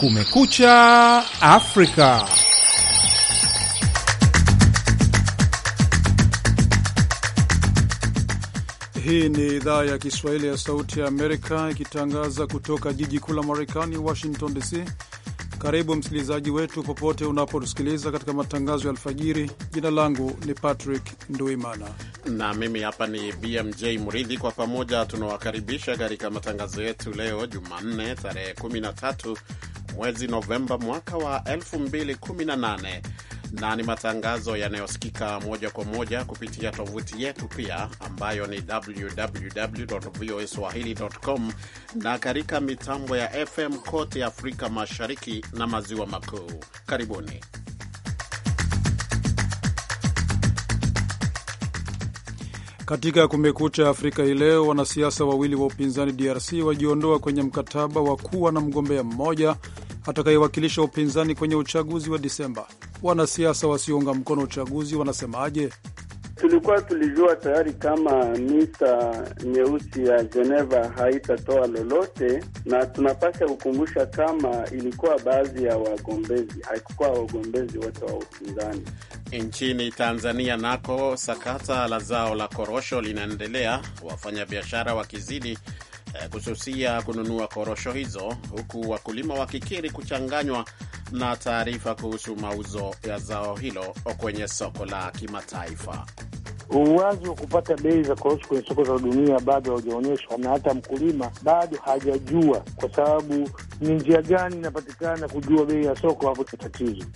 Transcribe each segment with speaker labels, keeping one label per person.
Speaker 1: Kumekucha Afrika.
Speaker 2: Hii ni idhaa ya Kiswahili ya Sauti ya Amerika ikitangaza kutoka jiji kuu la Marekani, Washington DC. Karibu msikilizaji wetu popote unapotusikiliza katika matangazo ya alfajiri. Jina langu ni Patrick Nduimana
Speaker 3: na mimi hapa ni BMJ Muridhi. Kwa pamoja tunawakaribisha katika matangazo yetu leo Jumanne, tarehe 13 mwezi Novemba mwaka wa 2018 na ni matangazo yanayosikika moja kwa moja kupitia tovuti yetu pia ambayo ni www voa www.voaswahili.com na katika mitambo ya FM kote Afrika Mashariki na Maziwa Makuu. Karibuni.
Speaker 2: Katika Kumekucha Afrika hii leo, wanasiasa wawili wa upinzani DRC wajiondoa kwenye mkataba wa kuwa na mgombea mmoja atakayewakilisha upinzani kwenye uchaguzi wa Disemba. Wanasiasa wasiounga mkono uchaguzi wanasemaje?
Speaker 4: Tulikuwa tulijua tayari kama mita nyeusi ya Geneva haitatoa lolote, na tunapasha kukumbusha kama ilikuwa baadhi ya wagombezi, haikukuwa wagombezi wote wa upinzani.
Speaker 3: Nchini Tanzania nako sakata la zao la korosho linaendelea, wafanyabiashara wakizidi Eh, kususia kununua korosho hizo, huku wakulima wakikiri kuchanganywa na taarifa kuhusu mauzo ya zao hilo kwenye soko la kimataifa.
Speaker 5: Uwazi wa kupata bei za korosho kwenye soko za dunia bado haujaonyeshwa na hata mkulima bado hajajua, kwa sababu ni njia gani inapatikana kujua bei ya soko, hapo tatizo.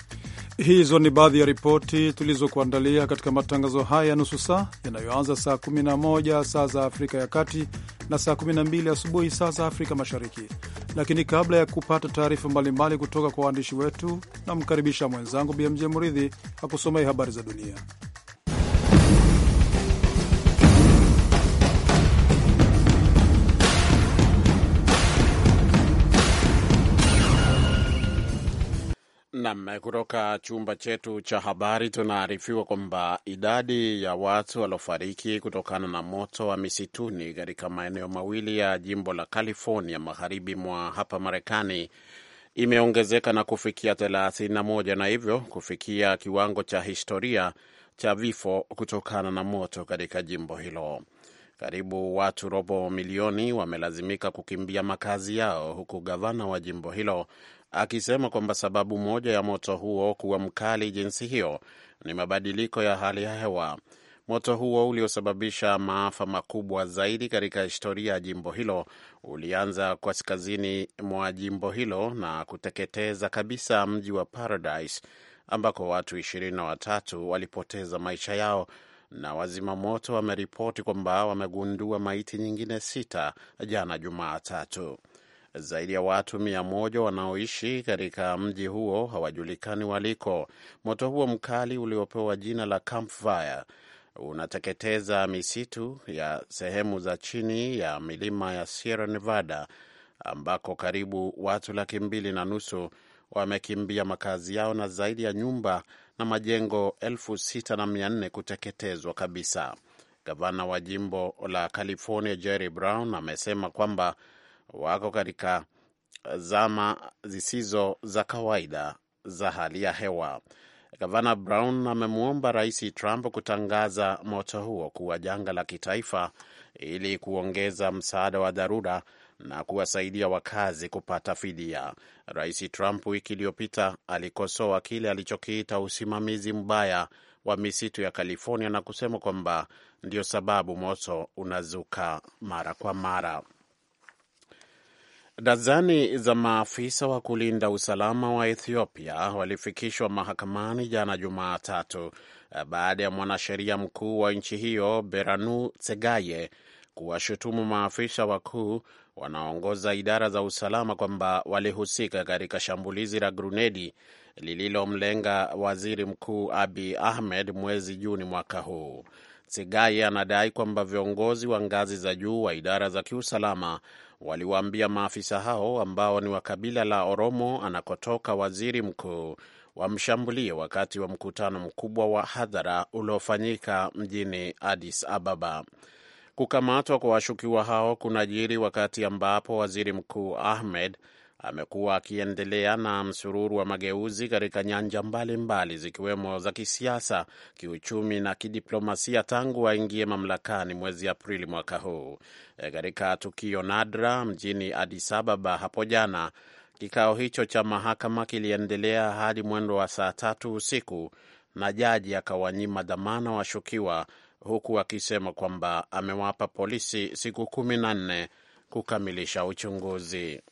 Speaker 2: Hizo ni baadhi ya ripoti tulizokuandalia katika matangazo haya ya nusu saa yanayoanza saa 11 saa za Afrika ya Kati na saa 12 asubuhi saa za Afrika Mashariki. Lakini kabla ya kupata taarifa mbalimbali kutoka kwa waandishi wetu, namkaribisha mwenzangu BMJ Muridhi akusomei habari za dunia.
Speaker 3: Nam, kutoka chumba chetu cha habari tunaarifiwa kwamba idadi ya watu waliofariki kutokana na moto wa misituni katika maeneo mawili ya jimbo la California magharibi mwa hapa Marekani imeongezeka na kufikia 31 na hivyo kufikia kiwango cha historia cha vifo kutokana na moto katika jimbo hilo. Karibu watu robo milioni wamelazimika kukimbia makazi yao, huku gavana wa jimbo hilo akisema kwamba sababu moja ya moto huo kuwa mkali jinsi hiyo ni mabadiliko ya hali ya hewa. Moto huo uliosababisha maafa makubwa zaidi katika historia ya jimbo hilo ulianza kaskazini mwa jimbo hilo na kuteketeza kabisa mji wa Paradise ambako watu ishirini na watatu walipoteza maisha yao na wazima moto wameripoti kwamba wamegundua maiti nyingine sita jana Jumatatu. Zaidi ya watu mia moja wanaoishi katika mji huo hawajulikani waliko. Moto huo mkali uliopewa jina la Campfire unateketeza misitu ya sehemu za chini ya milima ya Sierra Nevada ambako karibu watu laki mbili na nusu wamekimbia makazi yao na zaidi ya nyumba na majengo elfu kuteketezwa kabisa. Gavana wa jimbo la California Jerry Brown amesema kwamba wako katika zama zisizo za kawaida za hali ya hewa. Gavana Brown amemwomba Rais Trump kutangaza moto huo kuwa janga la kitaifa ili kuongeza msaada wa dharura na kuwasaidia wakazi kupata fidia. Rais Trump wiki iliyopita alikosoa kile alichokiita usimamizi mbaya wa misitu ya California na kusema kwamba ndio sababu moto unazuka mara kwa mara. Dazani za maafisa wa kulinda usalama wa Ethiopia walifikishwa mahakamani jana Jumatatu eh, baada ya mwanasheria mkuu wa nchi hiyo Beranu Tsegaye kuwashutumu maafisa wakuu wanaongoza idara za usalama kwamba walihusika katika shambulizi la grunedi lililomlenga waziri mkuu Abi Ahmed mwezi Juni mwaka huu. Sigai anadai kwamba viongozi wa ngazi za juu wa idara za kiusalama waliwaambia maafisa hao ambao ni wa kabila la Oromo anakotoka waziri mkuu wamshambulie wakati wa mkutano mkubwa wa hadhara uliofanyika mjini Addis Ababa. Kukamatwa kwa washukiwa hao kunajiri wakati ambapo waziri mkuu Ahmed amekuwa akiendelea na msururu wa mageuzi katika nyanja mbalimbali zikiwemo za kisiasa, kiuchumi na kidiplomasia tangu aingie mamlakani mwezi Aprili mwaka huu. E, katika tukio nadra mjini Addis Ababa hapo jana, kikao hicho cha mahakama kiliendelea hadi mwendo wa saa tatu usiku na jaji akawanyima dhamana washukiwa huku akisema kwamba amewapa polisi siku kumi na nne kukamilisha uchunguzi.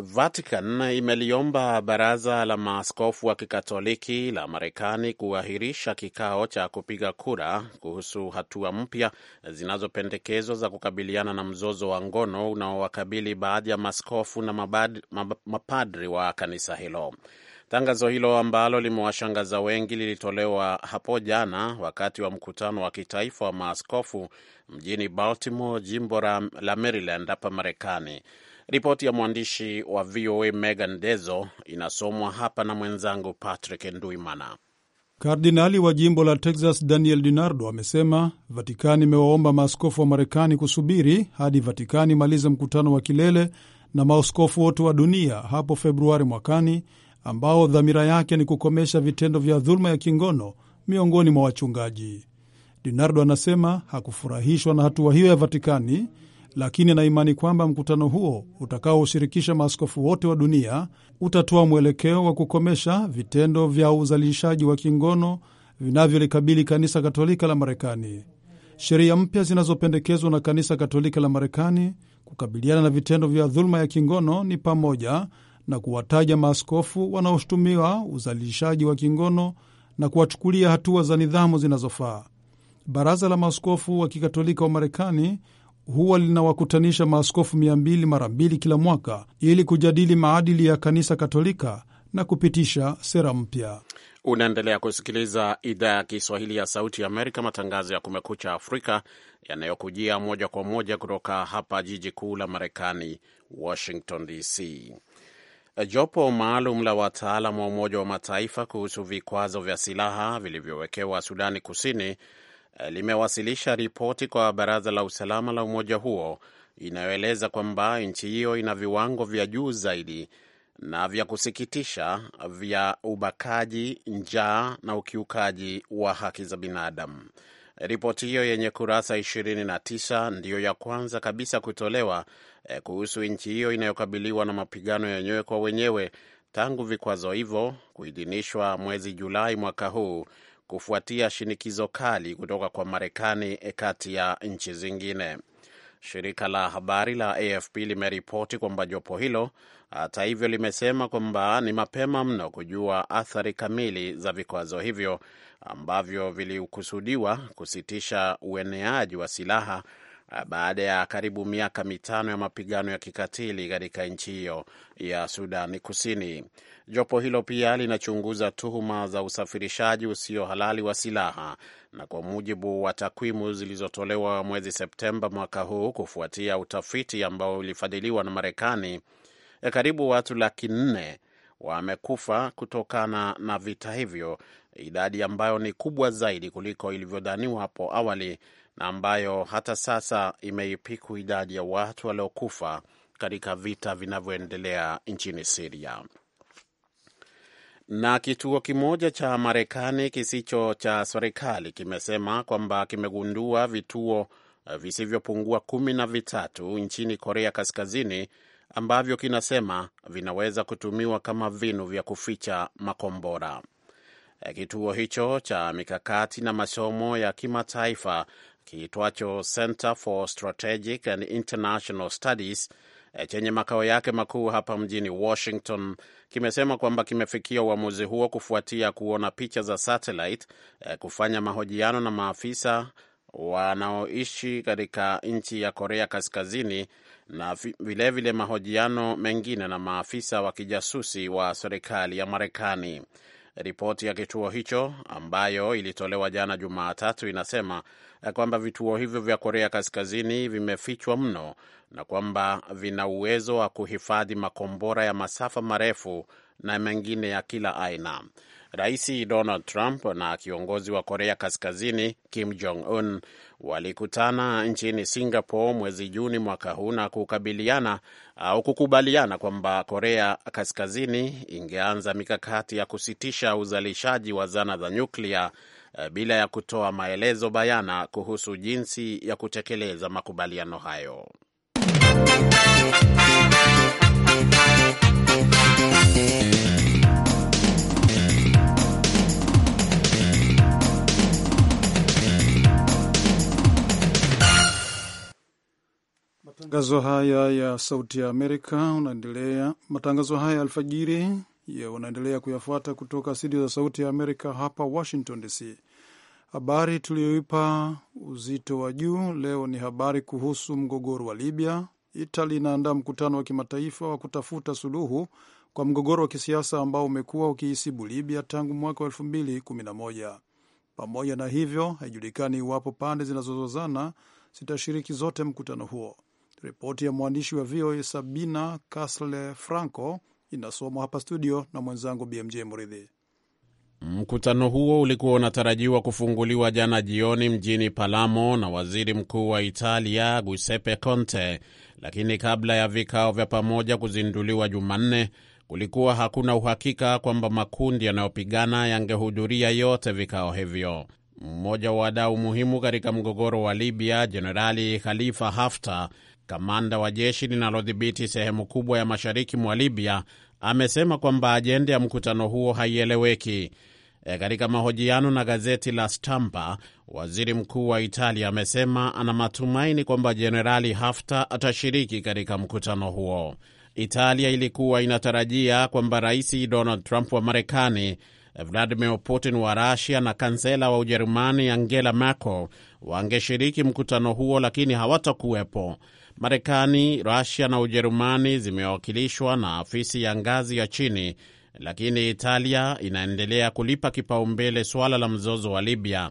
Speaker 3: Vatican imeliomba baraza la maaskofu wa kikatoliki la Marekani kuahirisha kikao cha kupiga kura kuhusu hatua mpya zinazopendekezwa za kukabiliana na mzozo wa ngono unaowakabili baadhi ya maaskofu na mapadri wa kanisa hilo. Tangazo hilo ambalo limewashangaza wengi lilitolewa hapo jana wakati wa mkutano wa kitaifa wa maaskofu mjini Baltimore, jimbo la Maryland hapa Marekani. Ripoti ya mwandishi wa VOA Megan Dezo inasomwa hapa na mwenzangu Patrick Nduimana.
Speaker 2: Kardinali wa jimbo la Texas Daniel DiNardo amesema Vatikani imewaomba maaskofu wa Marekani kusubiri hadi Vatikani imalize mkutano wa kilele na maaskofu wote wa dunia hapo Februari mwakani ambao dhamira yake ni kukomesha vitendo vya dhuluma ya kingono miongoni mwa wachungaji. Dinardo anasema hakufurahishwa na hatua hiyo ya Vatikani, lakini anaimani kwamba mkutano huo utakaoshirikisha maaskofu wote wa dunia utatoa mwelekeo wa kukomesha vitendo vya uzalishaji wa kingono vinavyolikabili kanisa Katolika la Marekani. Sheria mpya zinazopendekezwa na kanisa Katolika la Marekani kukabiliana na vitendo vya dhuluma ya kingono ni pamoja na kuwataja maaskofu wanaoshutumiwa uzalishaji wa kingono na kuwachukulia hatua za nidhamu zinazofaa. Baraza la maaskofu wa Kikatolika wa Marekani huwa linawakutanisha maaskofu 200 mara mbili kila mwaka ili kujadili maadili ya kanisa Katolika na kupitisha sera mpya.
Speaker 3: Unaendelea kusikiliza idhaa ya Kiswahili ya Sauti ya Amerika, matangazo ya Kumekucha Afrika yanayokujia moja kwa moja kutoka hapa jiji kuu la Marekani, Washington DC. Jopo maalum la wataalam wa Umoja wa Mataifa kuhusu vikwazo vya silaha vilivyowekewa Sudani Kusini eh, limewasilisha ripoti kwa Baraza la Usalama la umoja huo inayoeleza kwamba nchi hiyo ina viwango vya juu zaidi na vya kusikitisha vya ubakaji, njaa na ukiukaji wa haki za binadamu. Ripoti hiyo yenye kurasa 29 ndiyo ya kwanza kabisa kutolewa eh, kuhusu nchi hiyo inayokabiliwa na mapigano yenyewe kwa wenyewe tangu vikwazo hivyo kuidhinishwa mwezi Julai mwaka huu kufuatia shinikizo kali kutoka kwa Marekani eh, kati ya nchi zingine. Shirika la habari la AFP limeripoti kwamba jopo hilo hata hivyo, limesema kwamba ni mapema mno kujua athari kamili za vikwazo hivyo ambavyo vilikusudiwa kusitisha ueneaji wa silaha eh, baada ya karibu miaka mitano ya mapigano ya kikatili katika nchi hiyo ya Sudani Kusini. Jopo hilo pia linachunguza tuhuma za usafirishaji usio halali wa silaha, na kwa mujibu wa takwimu zilizotolewa mwezi Septemba mwaka huu kufuatia utafiti ambao ulifadhiliwa na Marekani, Eh, karibu watu laki nne wamekufa kutokana na vita hivyo, idadi ambayo ni kubwa zaidi kuliko ilivyodhaniwa hapo awali na ambayo hata sasa imeipiku idadi ya watu waliokufa katika vita vinavyoendelea nchini Siria. Na kituo kimoja cha Marekani kisicho cha serikali kimesema kwamba kimegundua vituo eh, visivyopungua kumi na vitatu nchini Korea Kaskazini ambavyo kinasema vinaweza kutumiwa kama vinu vya kuficha makombora. E, kituo hicho cha mikakati na masomo ya kimataifa kiitwacho Center for Strategic and International Studies e, chenye makao yake makuu hapa mjini Washington kimesema kwamba kimefikia uamuzi huo kufuatia kuona picha za satellite, e, kufanya mahojiano na maafisa wanaoishi katika nchi ya Korea Kaskazini na vilevile vile mahojiano mengine na maafisa wa kijasusi wa serikali ya Marekani. Ripoti ya kituo hicho ambayo ilitolewa jana Jumatatu inasema kwamba vituo hivyo vya Korea Kaskazini vimefichwa mno na kwamba vina uwezo wa kuhifadhi makombora ya masafa marefu na mengine ya kila aina. Rais Donald Trump na kiongozi wa Korea Kaskazini Kim Jong Un walikutana nchini Singapore mwezi Juni mwaka huu na kukabiliana au kukubaliana kwamba Korea Kaskazini ingeanza mikakati ya kusitisha uzalishaji wa zana za nyuklia eh, bila ya kutoa maelezo bayana kuhusu jinsi ya kutekeleza makubaliano hayo.
Speaker 2: Matangazo haya ya Sauti ya Amerika unaendelea. Matangazo haya alfajiri ya unaendelea kuyafuata kutoka studio za Sauti ya Amerika hapa Washington DC. Habari tuliyoipa uzito wa juu leo ni habari kuhusu mgogoro wa Libya. Itali inaandaa mkutano wa kimataifa wa kutafuta suluhu kwa mgogoro wa kisiasa ambao umekuwa ukiisibu Libya tangu mwaka wa kumi na moja. Pamoja na hivyo, haijulikani iwapo pande zinazozozana zitashiriki zote mkutano huo. Ripoti ya mwandishi wa VOA Sabina Casle Franco inasomwa hapa studio na mwenzangu BMJ mridhi
Speaker 3: Mkutano huo ulikuwa unatarajiwa kufunguliwa jana jioni mjini palamo na waziri mkuu wa Italia Giuseppe Conte, lakini kabla ya vikao vya pamoja kuzinduliwa Jumanne, kulikuwa hakuna uhakika kwamba makundi yanayopigana yangehudhuria yote vikao hivyo. Mmoja wa wadau muhimu katika mgogoro wa Libya, Jenerali Khalifa Haftar Kamanda wa jeshi linalodhibiti sehemu kubwa ya mashariki mwa Libya amesema kwamba ajenda ya mkutano huo haieleweki. E, katika mahojiano na gazeti la Stampa, waziri mkuu wa Italia amesema ana matumaini kwamba Jenerali Haftar atashiriki katika mkutano huo. Italia ilikuwa inatarajia kwamba Rais Donald Trump wa Marekani, Vladimir Putin wa Rusia na kansela wa Ujerumani Angela Merkel wangeshiriki mkutano huo, lakini hawatakuwepo. Marekani, Rusia na Ujerumani zimewakilishwa na afisi ya ngazi ya chini, lakini Italia inaendelea kulipa kipaumbele suala la mzozo wa Libya.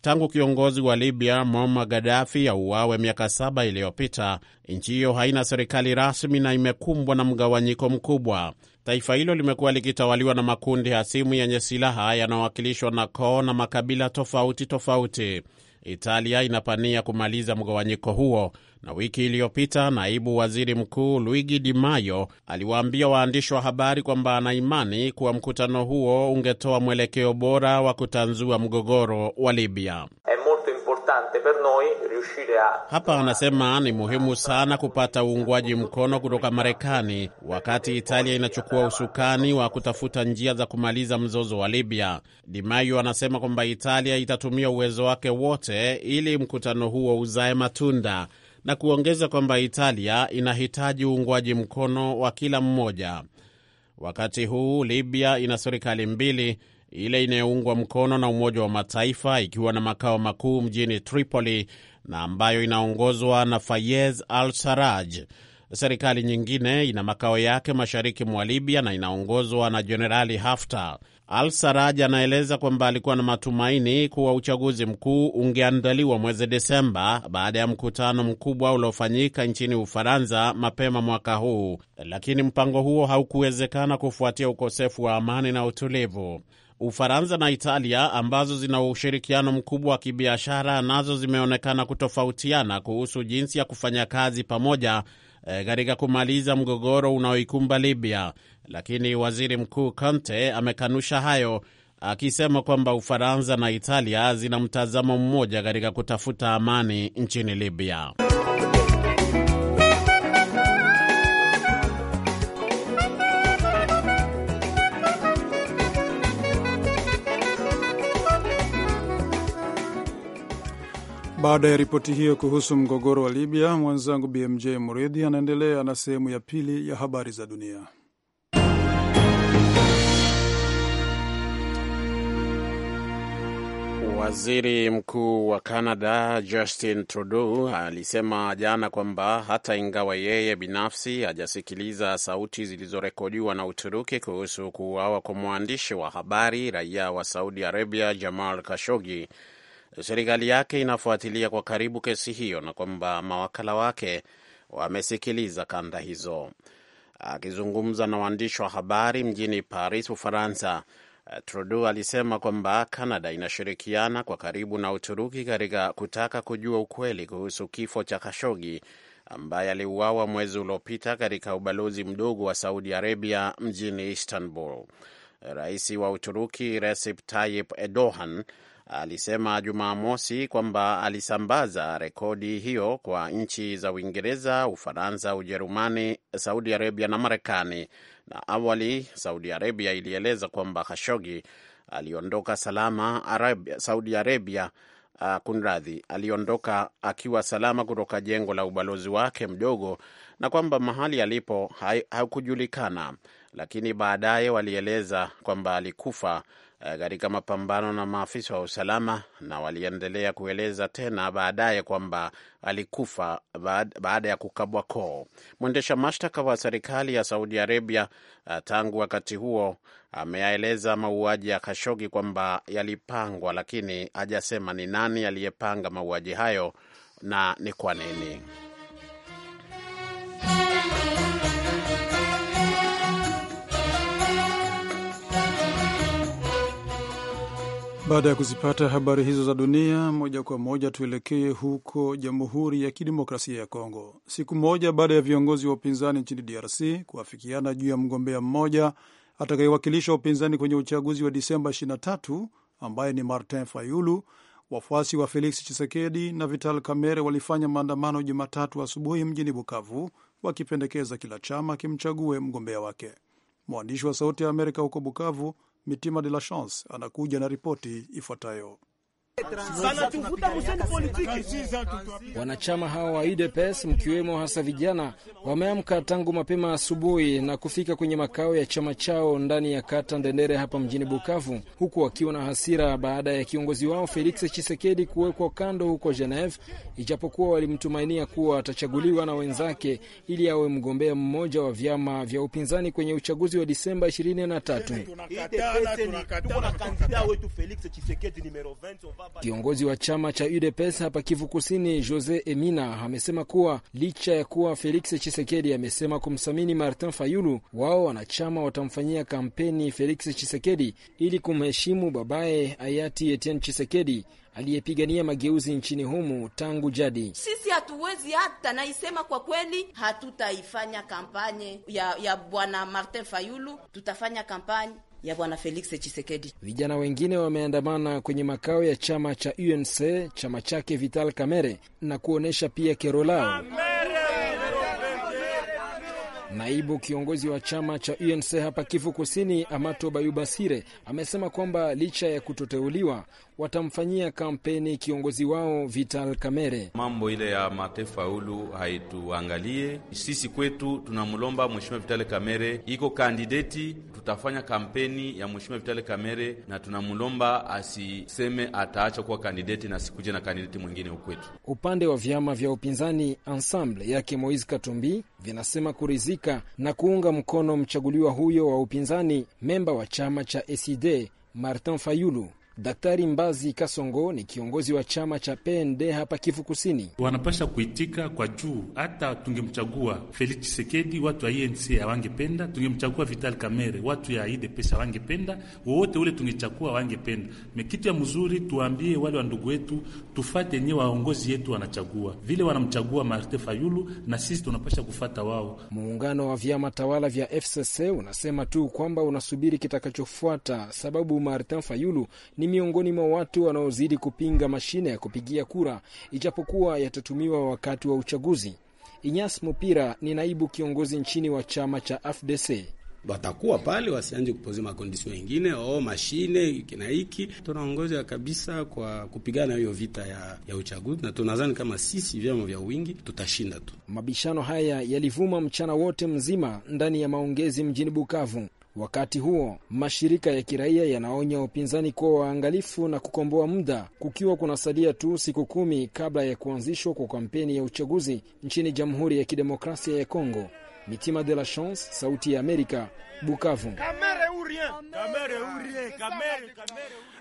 Speaker 3: Tangu kiongozi wa Libya Muammar Gaddafi auawe miaka saba iliyopita, nchi hiyo haina serikali rasmi na imekumbwa na mgawanyiko mkubwa. Taifa hilo limekuwa likitawaliwa na makundi hasimu yenye silaha yanayowakilishwa na koo na makabila tofauti tofauti. Italia inapania kumaliza mgawanyiko huo na wiki iliyopita naibu waziri mkuu Luigi Di Mayo aliwaambia waandishi wa habari kwamba ana imani kuwa mkutano huo ungetoa mwelekeo bora wa kutanzua mgogoro wa Libya. Hapa anasema ni muhimu sana kupata uungwaji mkono kutoka Marekani wakati Italia inachukua usukani wa kutafuta njia za kumaliza mzozo wa Libya. Di Maio anasema kwamba Italia itatumia uwezo wake wote ili mkutano huo uzae matunda na kuongeza kwamba Italia inahitaji uungwaji mkono wa kila mmoja. Wakati huu Libya ina serikali mbili, ile inayoungwa mkono na Umoja wa Mataifa ikiwa na makao makuu mjini Tripoli na ambayo inaongozwa na Fayez al saraj Serikali nyingine ina makao yake mashariki mwa Libya na inaongozwa na Jenerali Haftar. Al Saraj anaeleza kwamba alikuwa na matumaini kuwa uchaguzi mkuu ungeandaliwa mwezi Desemba baada ya mkutano mkubwa uliofanyika nchini Ufaransa mapema mwaka huu, lakini mpango huo haukuwezekana kufuatia ukosefu wa amani na utulivu. Ufaransa na Italia ambazo zina ushirikiano mkubwa wa kibiashara nazo zimeonekana kutofautiana kuhusu jinsi ya kufanya kazi pamoja Eh, katika kumaliza mgogoro unaoikumba Libya, lakini waziri mkuu Conte amekanusha hayo akisema kwamba Ufaransa na Italia zina mtazamo mmoja katika kutafuta amani nchini Libya.
Speaker 2: Baada ya ripoti hiyo kuhusu mgogoro wa Libya, mwenzangu BMJ Muridhi anaendelea na sehemu ya pili ya habari za dunia.
Speaker 3: Waziri mkuu wa Canada Justin Trudeau alisema jana kwamba hata ingawa yeye binafsi hajasikiliza sauti zilizorekodiwa na Uturuki kuhusu kuuawa kwa mwandishi wa habari raia wa Saudi Arabia Jamal Khashoggi serikali yake inafuatilia kwa karibu kesi hiyo na kwamba mawakala wake wamesikiliza kanda hizo. Akizungumza na waandishi wa habari mjini Paris, Ufaransa, Trudeau alisema kwamba canada inashirikiana kwa karibu na Uturuki katika kutaka kujua ukweli kuhusu kifo cha Kashogi ambaye aliuawa mwezi uliopita katika ubalozi mdogo wa Saudi Arabia mjini Istanbul. Rais wa Uturuki Recep Tayyip Erdogan alisema Jumamosi kwamba alisambaza rekodi hiyo kwa nchi za Uingereza, Ufaransa, Ujerumani, Saudi Arabia na Marekani. Na awali Saudi Arabia ilieleza kwamba Khashogi aliondoka salama Arabia, Saudi Arabia Uh, kunradhi, aliondoka akiwa salama kutoka jengo la ubalozi wake mdogo na kwamba mahali alipo hakujulikana, lakini baadaye walieleza kwamba alikufa Eh, katika mapambano na maafisa wa usalama, na waliendelea kueleza tena baadaye kwamba alikufa baada ya kukabwa koo. Mwendesha mashtaka wa serikali ya Saudi Arabia eh, tangu wakati huo ameyaeleza mauaji ya Khashogi kwamba yalipangwa, lakini hajasema ni nani aliyepanga mauaji hayo na ni kwa nini.
Speaker 2: Baada ya kuzipata habari hizo za dunia moja kwa moja, tuelekee huko Jamhuri ya Kidemokrasia ya Kongo. Siku moja baada ya viongozi wa upinzani nchini DRC kuafikiana juu ya mgombea mmoja atakayewakilisha upinzani kwenye uchaguzi wa Disemba 23 ambaye ni Martin Fayulu, wafuasi wa Felix chisekedi na Vital Kamerhe walifanya maandamano Jumatatu asubuhi mjini Bukavu, wakipendekeza kila chama kimchague mgombea wake. Mwandishi wa Sauti ya Amerika huko Bukavu, Mitima de la Chance anakuja na ripoti ifuatayo.
Speaker 6: Wanachama hao wa UDPS mkiwemo hasa vijana wameamka tangu mapema asubuhi na kufika kwenye makao ya chama chao ndani ya kata Ndendere hapa mjini Bukavu, huku wakiwa na hasira baada ya kiongozi wao Felix chisekedi kuwekwa kando huko Geneve, ijapokuwa walimtumainia kuwa atachaguliwa na wenzake ili awe mgombea mmoja wa vyama vya upinzani kwenye uchaguzi wa Disemba
Speaker 1: 23.
Speaker 6: Kiongozi wa chama cha UDPS hapa Kivu Kusini, Jose Emina, amesema kuwa licha ya kuwa Felix Chisekedi amesema kumsamini Martin Fayulu, wao wanachama watamfanyia kampeni Felix Chisekedi ili kumheshimu babaye hayati Etienne Chisekedi aliyepigania mageuzi nchini humu tangu jadi. Sisi hatuwezi hata naisema kwa kweli, hatutaifanya kampanye ya, ya bwana Martin Fayulu, tutafanya kampanye ya bwana Felix Chisekedi. Vijana wengine wameandamana kwenye makao ya chama cha UNC, chama chake Vital Kamerhe, na kuonyesha pia kero lao Kamere! Naibu kiongozi wa chama cha UNC hapa Kivu Kusini, Amato Bayubasire, amesema kwamba licha ya kutoteuliwa watamfanyia kampeni kiongozi wao Vital Kamerhe.
Speaker 4: Mambo ile ya matefaulu haituangalie sisi, kwetu tunamlomba mheshimiwa Vital Kamerhe, iko kandideti, tutafanya kampeni ya mheshimiwa Vital Kamerhe na tunamlomba asiseme ataacha kuwa kandideti na sikuje na kandideti mwingine. hukwetu
Speaker 6: upande wa vyama vya upinzani, Ensemble yake Moise Katumbi vinasema kuridhika na kuunga mkono mchaguliwa huyo wa upinzani, memba wa chama cha ECD Martin Fayulu Daktari Mbazi Kasongo ni kiongozi wa chama cha PND hapa Kivu
Speaker 3: Kusini. Wanapasha kuitika kwa juu, hata tungemchagua Felix chisekedi watu wa enc awangependa tungemchagua Vital Kamerhe watu ya UDPS awangependa, wowote ule tungechagua awangependa. Mekitu ya mzuri tuwambie wale wa ndugu wetu tufate enye waongozi yetu wanachagua, vile wanamchagua Marte Fayulu na sisi tunapasha kufata wao. Muungano wa vyama
Speaker 6: tawala vya FCC unasema tu kwamba unasubiri kitakachofuata, sababu Martin Fayulu ni miongoni mwa watu wanaozidi kupinga mashine ya kupigia kura ijapokuwa yatatumiwa wakati wa uchaguzi. Inyas Mupira ni naibu kiongozi nchini wa chama cha AFDC. Watakuwa pale wasianje kupozia makondisio mengine o mashine na hiki, tunaongoza kabisa kwa kupigana hiyo vita ya, ya uchaguzi, na tunadhani kama sisi vyama vya wingi tutashinda tu. Mabishano haya yalivuma mchana wote mzima ndani ya maongezi mjini Bukavu. Wakati huo mashirika ya kiraia yanaonya upinzani kuwa waangalifu na kukomboa muda, kukiwa kunasalia tu siku kumi kabla ya kuanzishwa kwa kampeni ya uchaguzi nchini Jamhuri ya Kidemokrasia ya Kongo. Mitima de la
Speaker 2: Chance, Sauti ya Amerika, Bukavu.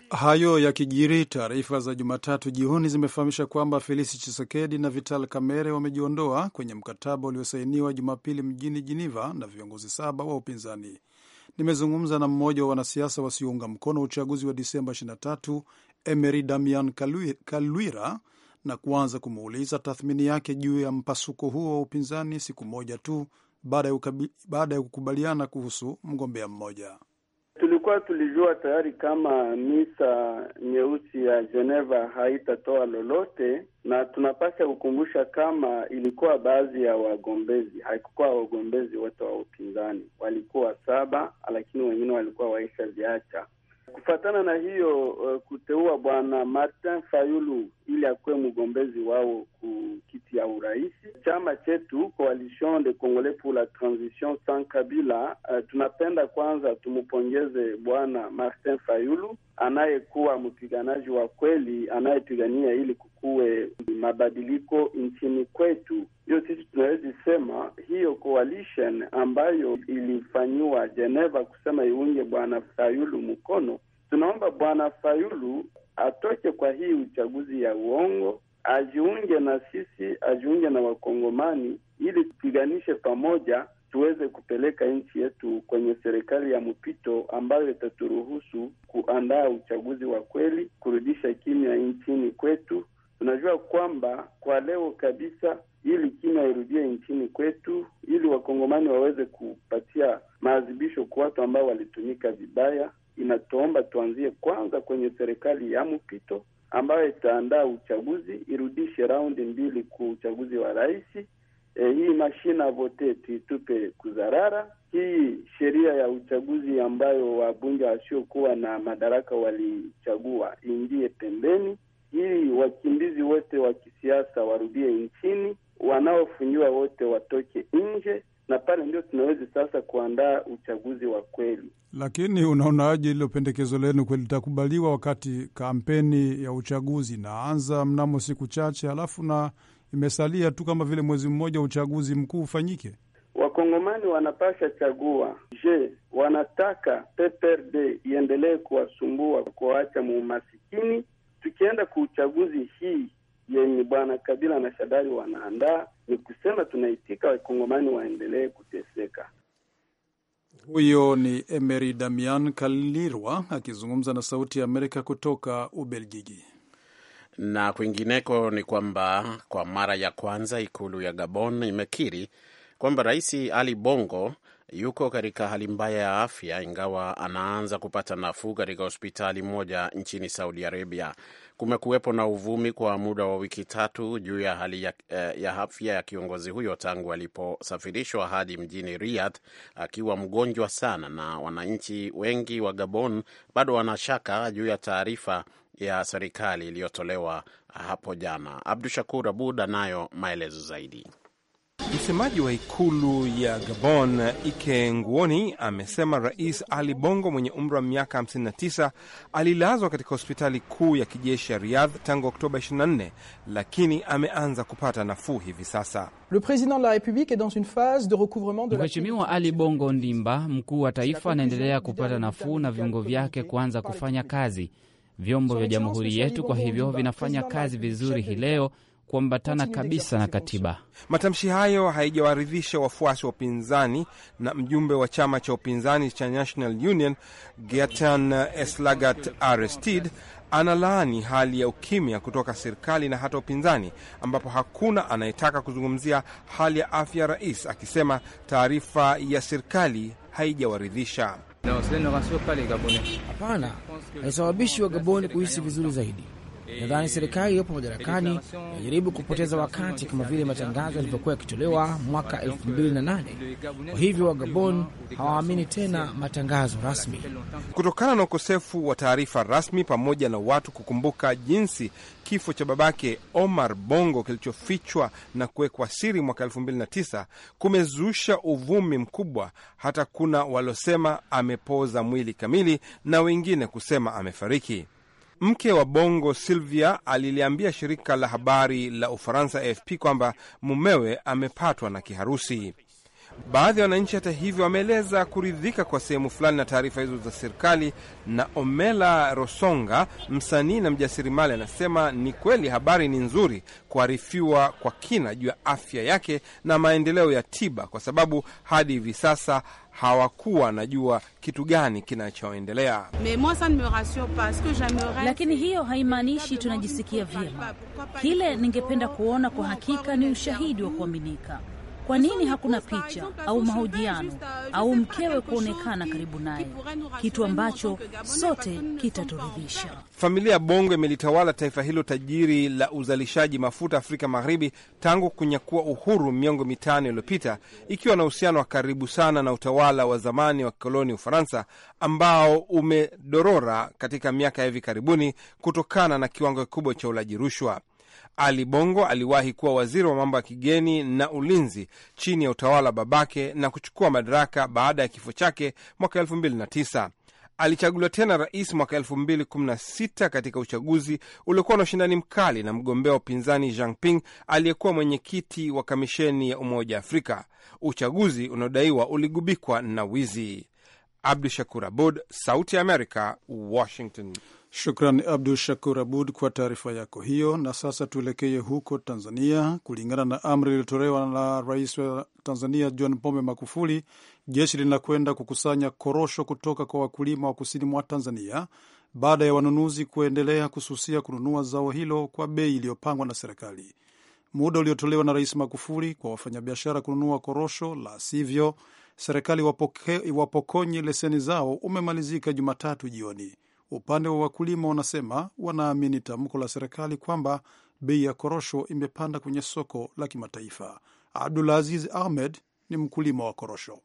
Speaker 2: Hayo yakijiri, taarifa za Jumatatu jioni zimefahamisha kwamba Felisi Chisekedi na Vital Kamere wamejiondoa kwenye mkataba uliosainiwa Jumapili mjini Jiniva na viongozi saba wa upinzani. Nimezungumza na mmoja wa wanasiasa wasiounga mkono uchaguzi wa Disemba 23, Emery Damian Kalwira, na kuanza kumuuliza tathmini yake juu ya mpasuko huo wa upinzani siku moja tu baada ya kukubaliana kuhusu mgombea mmoja
Speaker 4: tulikuwa tulijua tayari kama misa nyeusi ya Geneva haitatoa lolote, na tunapasa kukumbusha kama ilikuwa baadhi ya wagombezi, haikukuwa wagombezi wote wa upinzani, walikuwa saba, lakini wengine walikuwa waisha viacha Kufatana na hiyo uh, kuteua bwana Martin Fayulu ili akuwe mgombezi wao ku kiti ya urais, chama chetu Coalition de Congolais pour la Transition sans Kabila, uh, tunapenda kwanza tumpongeze bwana Martin Fayulu anayekuwa mpiganaji wa kweli anayepigania ili kukuwe mabadiliko nchini kwetu. Hiyo sisi tunawezi sema hiyo coalition ambayo ilifanyiwa Geneva kusema iunge bwana Fayulu mkono Tunaomba Bwana Fayulu atoke kwa hii uchaguzi ya uongo, ajiunge na sisi, ajiunge na Wakongomani ili tupiganishe pamoja, tuweze kupeleka nchi yetu kwenye serikali ya mpito ambayo itaturuhusu kuandaa uchaguzi wa kweli, kurudisha kimya nchini kwetu. Tunajua kwamba kwa leo kabisa, ili kimya irudie nchini kwetu, ili wakongomani waweze kupatia maadhibisho kwa watu ambao walitumika vibaya inatuomba tuanzie kwanza kwenye serikali ya mpito ambayo itaandaa uchaguzi, irudishe raundi mbili ku uchaguzi wa rais. E, hii mashina vote tuitupe kuzarara. Hii sheria ya uchaguzi ambayo wabunge wasiokuwa na madaraka walichagua iingie pembeni, ili wakimbizi wote wa kisiasa warudie nchini, wanaofungiwa wote watoke nje na pale ndio tunaweza sasa kuandaa uchaguzi wa kweli.
Speaker 2: Lakini unaonaje ilo pendekezo lenu kweli litakubaliwa wakati kampeni ya uchaguzi inaanza mnamo siku chache, alafu na imesalia tu kama vile mwezi mmoja uchaguzi mkuu ufanyike?
Speaker 4: Wakongomani wanapasha chagua. Je, wanataka PPRD iendelee kuwasumbua, kuwaacha muumasikini? Tukienda kwa uchaguzi hii yenye bwana Kabila na Shadari wanaandaa, ni kusema tunaitika wakongomani waendelee kuteseka.
Speaker 2: Huyo ni Emery Damian Kalirwa akizungumza na Sauti ya Amerika kutoka Ubelgiji.
Speaker 3: Na kwingineko ni kwamba kwa mara ya kwanza ikulu ya Gabon imekiri kwamba Rais Ali Bongo yuko katika hali mbaya ya afya, ingawa anaanza kupata nafuu katika hospitali moja nchini Saudi Arabia. Kumekuwepo na uvumi kwa muda wa wiki tatu juu ya hali ya, eh, ya afya ya kiongozi huyo tangu aliposafirishwa hadi mjini Riyadh akiwa mgonjwa sana, na wananchi wengi wa Gabon bado wanashaka juu ya taarifa ya serikali iliyotolewa hapo jana. Abdu Shakur Abud anayo maelezo zaidi.
Speaker 1: Msemaji wa ikulu ya Gabon, Ike Nguoni, amesema Rais Ali Bongo mwenye umri wa miaka 59 alilazwa katika hospitali kuu ya kijeshi ya Riyadh tangu Oktoba 24, lakini ameanza kupata nafuu hivi sasa. Mheshimiwa Ali Bongo Ndimba, mkuu wa taifa, anaendelea kupata nafuu na viungo vyake kuanza kufanya kazi. Vyombo vya jamhuri yetu kwa hivyo vinafanya kazi vizuri hii leo kuambatana kabisa na katiba. Matamshi hayo haijawaridhisha wafuasi wa upinzani na mjumbe wa chama cha upinzani cha National Union Getan Eslagat Arestid analaani hali ya ukimya kutoka serikali na hata upinzani, ambapo hakuna anayetaka kuzungumzia hali ya afya ya rais, akisema taarifa ya serikali haijawaridhisha.
Speaker 6: Hapana, haisababishi wa Gaboni kuhisi vizuri zaidi Nadhani serikali iliyopo madarakani inajaribu kupoteza wakati kama vile matangazo yalivyokuwa yakitolewa mwaka 2008. Kwa hivyo Wagabon hawaamini tena matangazo rasmi
Speaker 1: kutokana na ukosefu wa taarifa rasmi, pamoja na watu kukumbuka jinsi kifo cha babake Omar Bongo kilichofichwa na kuwekwa siri mwaka 2009 kumezusha uvumi mkubwa, hata kuna waliosema amepoza mwili kamili na wengine kusema amefariki. Mke wa Bongo Silvia aliliambia shirika la habari la Ufaransa AFP kwamba mumewe amepatwa na kiharusi. Baadhi ya wananchi, hata hivyo, wameeleza kuridhika kwa sehemu fulani na taarifa hizo za serikali. Na Omela Rosonga, msanii na mjasiriamali, anasema ni kweli habari ni nzuri kuarifiwa kwa kina juu ya afya yake na maendeleo ya tiba, kwa sababu hadi hivi sasa hawakuwa najua kitu gani kinachoendelea.
Speaker 6: Lakini hiyo haimaanishi tunajisikia vyema. Kile ningependa kuona kwa hakika ni ushahidi wa kuaminika kwa nini hakuna picha au mahojiano au mkewe kuonekana karibu naye, kitu ambacho sote kitaturidhisha?
Speaker 1: Familia ya Bongo imelitawala taifa hilo tajiri la uzalishaji mafuta Afrika Magharibi tangu kunyakua uhuru miongo mitano iliyopita, ikiwa na uhusiano wa karibu sana na utawala wa zamani wa kikoloni Ufaransa, ambao umedorora katika miaka ya hivi karibuni kutokana na kiwango kikubwa cha ulaji rushwa. Ali Bongo aliwahi kuwa waziri wa mambo ya kigeni na ulinzi chini ya utawala wa babake na kuchukua madaraka baada ya kifo chake mwaka e29 Alichaguliwa tena rais mwaka el216 katika uchaguzi uliokuwa na ushindani mkali na mgombea wa upinzani Jean Ping aliyekuwa mwenyekiti wa kamisheni ya Umoja Afrika, uchaguzi unaodaiwa uligubikwa na wizi. Abdu Shakur Abud, Sauti ya Amerika, Washington.
Speaker 2: Shukran Abdu Shakur Abud kwa taarifa yako hiyo. Na sasa tuelekee huko Tanzania. Kulingana na amri iliyotolewa na Rais wa Tanzania John Pombe Magufuli, jeshi linakwenda kukusanya korosho kutoka kwa wakulima wa kusini mwa Tanzania baada ya wanunuzi kuendelea kususia kununua zao hilo kwa bei iliyopangwa na serikali. Muda uliotolewa na Rais Magufuli kwa wafanyabiashara kununua korosho, la sivyo serikali wapoke, wapokonye leseni zao umemalizika Jumatatu jioni. Upande wa wakulima wanasema wanaamini tamko la serikali kwamba bei ya korosho imepanda kwenye soko la kimataifa. Abdulaziz Ahmed ni mkulima wa korosho.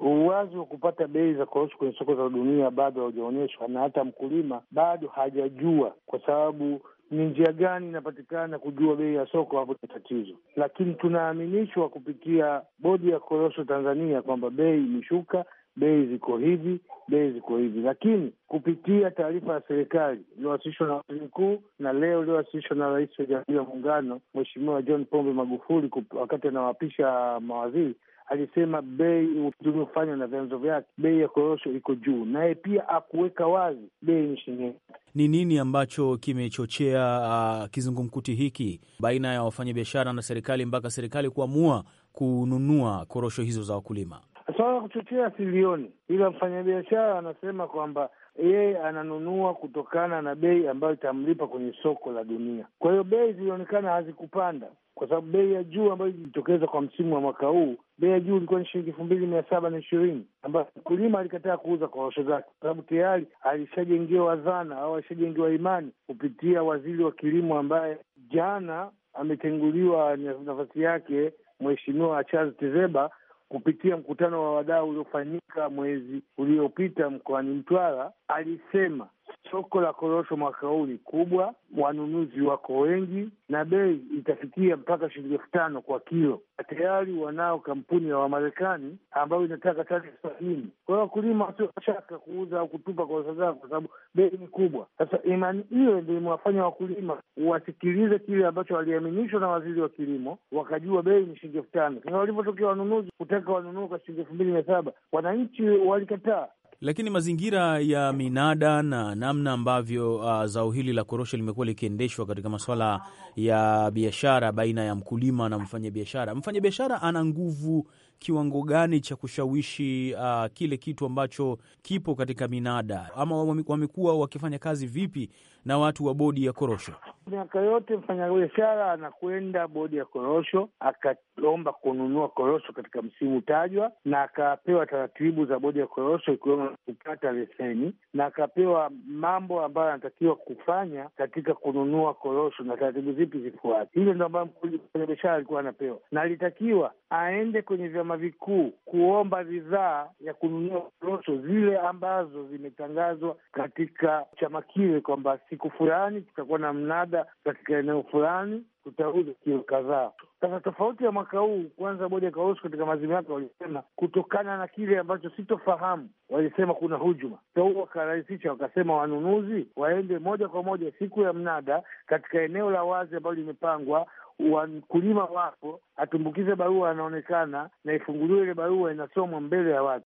Speaker 5: Uwazi wa kupata bei za korosho kwenye soko za dunia bado haujaonyeshwa na hata mkulima bado hajajua, kwa sababu ni njia gani inapatikana kujua bei ya soko, hapo ni tatizo. Lakini tunaaminishwa kupitia bodi ya korosho Tanzania kwamba bei imeshuka bei ziko hivi, bei ziko hivi. Lakini kupitia taarifa ya serikali iliyowasilishwa na waziri mkuu na leo iliyowasilishwa na rais wa Jamhuri ya Muungano Mheshimiwa John Pombe Magufuli wakati anawapisha mawaziri alisema bei uliofanywa na vyanzo vyake, bei ya korosho iko juu, naye pia akuweka wazi bei ni nchini.
Speaker 1: Ni nini ambacho kimechochea uh, kizungumkuti hiki baina ya wafanyabiashara na serikali mpaka serikali kuamua
Speaker 6: kununua korosho hizo za wakulima?
Speaker 5: swala kuchochea silioni, ila mfanyabiashara anasema kwamba yeye ananunua kutokana na bei ambayo itamlipa kwenye soko la dunia. Kwa hiyo bei zilionekana hazikupanda kwa sababu bei ya juu ambayo ilijitokeza kwa msimu wa mwaka huu, bei ya juu ilikuwa ni shilingi elfu mbili mia saba na ishirini ambayo mkulima alikataa kuuza kwa osho zake, kwa sababu tayari alishajengewa dhana au alishajengewa imani kupitia waziri wa kilimo ambaye jana ametenguliwa nafasi yake Mheshimiwa Charles Tezeba kupitia mkutano wa wadau uliofanyika mwezi uliopita mkoani Mtwara, alisema Soko la korosho mwaka huu ni kubwa, wanunuzi wako wengi, na bei itafikia mpaka shilingi elfu tano kwa kilo. Tayari wanao kampuni ya Wamarekani ambayo inataka tani sabini. Kwa hiyo wakulima wasioshaka kuuza au kutupa korosho zao, kwa sababu bei ni kubwa. Sasa imani hiyo ndio imewafanya wakulima wasikilize kile ambacho waliaminishwa na waziri wa kilimo, wakajua bei ni shilingi elfu tano. Sasa walivyotokea wanunuzi kutaka wanunue kwa shilingi elfu mbili mia saba wananchi walikataa.
Speaker 3: Lakini mazingira ya minada na namna ambavyo uh, zao hili la korosho limekuwa likiendeshwa katika masuala ya biashara
Speaker 6: baina ya mkulima na mfanyabiashara, mfanyabiashara ana nguvu kiwango gani cha kushawishi uh, kile kitu ambacho kipo katika minada, ama wamekuwa wakifanya
Speaker 3: kazi vipi na watu wa bodi ya korosho.
Speaker 5: Miaka yote mfanyabiashara anakwenda bodi ya korosho akaomba kununua korosho katika msimu tajwa, na akapewa taratibu za bodi ya korosho ikiwemo kupata leseni, na akapewa mambo ambayo anatakiwa kufanya katika kununua korosho na taratibu zipi zifuate. Hilo ndo ambayo mfanyabiashara alikuwa anapewa, na alitakiwa aende kwenye vyama vikuu kuomba ridhaa ya kununua korosho zile ambazo zimetangazwa katika chama kile kwamba siku fulani tutakuwa na mnada katika eneo fulani, tutauza kilo kadhaa. Sasa tofauti ya mwaka huu, kwanza, moja Kausu katika mazimu yake walisema kutokana na kile ambacho sitofahamu, walisema kuna hujuma so, wakarahisisha wakasema wanunuzi waende moja kwa moja siku ya mnada katika eneo la wazi ambalo limepangwa wakulima wapo, atumbukize barua, anaonekana na ifunguliwe ile barua, inasomwa mbele
Speaker 2: ya watu.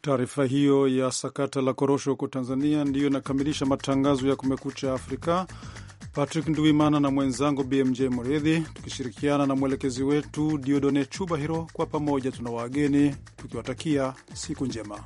Speaker 2: Taarifa hiyo ya sakata la korosho huko Tanzania ndiyo inakamilisha matangazo ya Kumekucha Afrika. Patrick Nduimana na mwenzangu BMJ Muridhi tukishirikiana na mwelekezi wetu Diodone Chubahiro, kwa pamoja tuna wageni tukiwatakia siku njema.